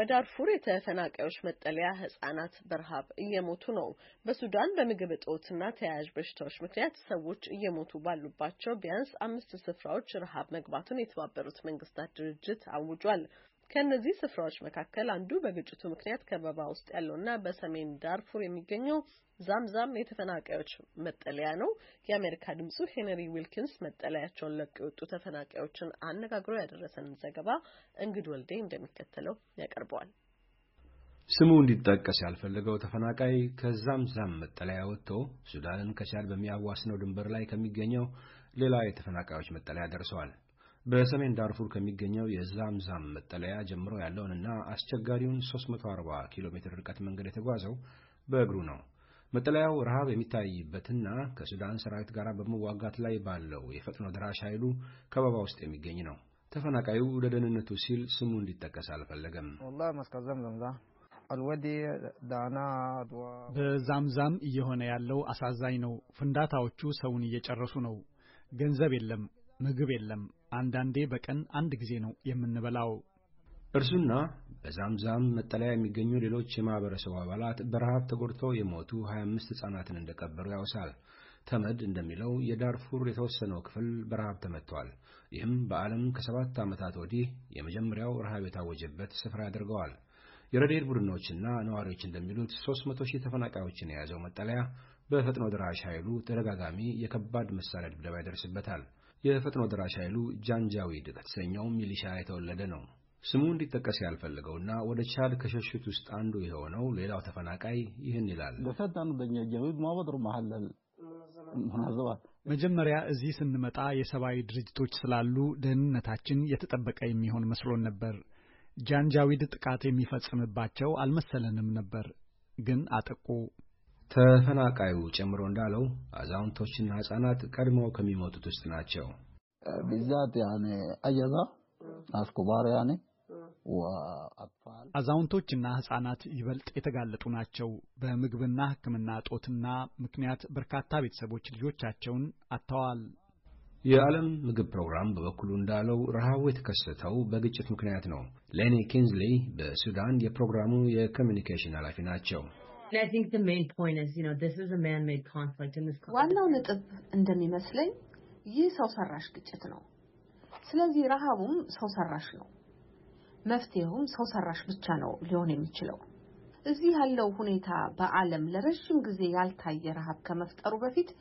በዳርፉር የተፈናቃዮች መጠለያ ህጻናት በረሃብ እየሞቱ ነው። በሱዳን በምግብ እጦትና ተያያዥ በሽታዎች ምክንያት ሰዎች እየሞቱ ባሉባቸው ቢያንስ አምስት ስፍራዎች ረሃብ መግባቱን የተባበሩት መንግስታት ድርጅት አውጇል። ከእነዚህ ስፍራዎች መካከል አንዱ በግጭቱ ምክንያት ከበባ ውስጥ ያለውና በሰሜን ዳርፉር የሚገኘው ዛምዛም የተፈናቃዮች መጠለያ ነው። የአሜሪካ ድምጹ ሄነሪ ዊልኪንስ መጠለያቸውን ለቀው የወጡ ተፈናቃዮችን አነጋግሮ ያደረሰንን ዘገባ እንግድ ወልዴ እንደሚከተለው ያቀርበዋል። ስሙ እንዲጠቀስ ያልፈለገው ተፈናቃይ ከዛምዛም መጠለያ ወጥቶ ሱዳንን ከቻድ በሚያዋስነው ድንበር ላይ ከሚገኘው ሌላ የተፈናቃዮች መጠለያ ደርሰዋል። በሰሜን ዳርፉር ከሚገኘው የዛምዛም መጠለያ ጀምሮ ያለውንና አስቸጋሪውን 340 ኪሎ ሜትር ርቀት መንገድ የተጓዘው በእግሩ ነው። መጠለያው ረሃብ የሚታይበትና ከሱዳን ሰራዊት ጋር በመዋጋት ላይ ባለው የፈጥኖ ደራሽ ኃይሉ ከበባ ውስጥ የሚገኝ ነው። ተፈናቃዩ ለደህንነቱ ሲል ስሙ እንዲጠቀስ አልፈለገም። በዛምዛም እየሆነ ያለው አሳዛኝ ነው። ፍንዳታዎቹ ሰውን እየጨረሱ ነው። ገንዘብ የለም። ምግብ የለም። አንዳንዴ በቀን አንድ ጊዜ ነው የምንበላው። እርሱና በዛምዛም መጠለያ የሚገኙ ሌሎች የማኅበረሰቡ አባላት በረሃብ ተጎድተው የሞቱ 25 ሕፃናትን እንደቀበሩ ያውሳል። ተመድ እንደሚለው የዳርፉር የተወሰነው ክፍል በረሃብ ተመትቷል። ይህም በዓለም ከሰባት ዓመታት ወዲህ የመጀመሪያው ረሃብ የታወጀበት ስፍራ ያደርገዋል። የረድኤት ቡድኖችና ነዋሪዎች እንደሚሉት 300 ሺህ ተፈናቃዮችን የያዘው መጠለያ በፈጥኖ ደራሽ ኃይሉ ተደጋጋሚ የከባድ መሣሪያ ድብደባ ይደርስበታል። የፈጥኖ ደራሽ ኃይሉ ጃንጃዊድ ከተሰኘው ሚሊሻ የተወለደ ነው። ስሙ እንዲጠቀስ ያልፈለገውና ወደ ቻድ ከሸሹት ውስጥ አንዱ የሆነው ሌላው ተፈናቃይ ይህን ይላል። መጀመሪያ እዚህ ስንመጣ የሰብአዊ ድርጅቶች ስላሉ ደህንነታችን የተጠበቀ የሚሆን መስሎን ነበር። ጃንጃዊድ ጥቃት የሚፈጽምባቸው አልመሰለንም ነበር፣ ግን አጠቁ። ተፈናቃዩ ጨምሮ እንዳለው አዛውንቶችና ህጻናት ቀድመው ከሚሞቱት ውስጥ ናቸው። ብዛት ያኔ አያዛ አስኩባር ያኔ አዛውንቶችና ህጻናት ይበልጥ የተጋለጡ ናቸው። በምግብና ሕክምና እጦትና ምክንያት በርካታ ቤተሰቦች ልጆቻቸውን አጥተዋል። የዓለም ምግብ ፕሮግራም በበኩሉ እንዳለው ረሃቡ የተከሰተው በግጭት ምክንያት ነው። ሌኒ ኪንዝሊ በሱዳን የፕሮግራሙ የኮሚኒኬሽን ኃላፊ ናቸው። ዋናው ነጥብ እንደሚመስለኝ ይህ ሰው ሰራሽ ግጭት ነው። ስለዚህ ረሃቡም ሰው ሰራሽ ነው። መፍትሄውም ሰው ሰራሽ ብቻ ነው ሊሆን የሚችለው። እዚህ ያለው ሁኔታ በዓለም ለረጅም ጊዜ ያልታየ ረሃብ ከመፍጠሩ በፊት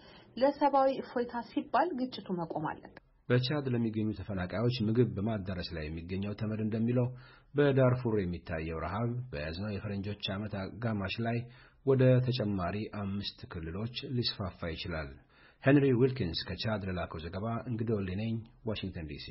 ለሰብአዊ እፎይታ ሲባል ግጭቱ መቆም አለበት። በቻድ ለሚገኙ ተፈናቃዮች ምግብ በማዳረስ ላይ የሚገኘው ተመድ እንደሚለው በዳርፉር የሚታየው ረሃብ በያዝነው የፈረንጆች ዓመት አጋማሽ ላይ ወደ ተጨማሪ አምስት ክልሎች ሊስፋፋ ይችላል። ሄንሪ ዊልኪንስ ከቻድ ለላከው ዘገባ እንግዶ ሊነኝ ዋሽንግተን ዲሲ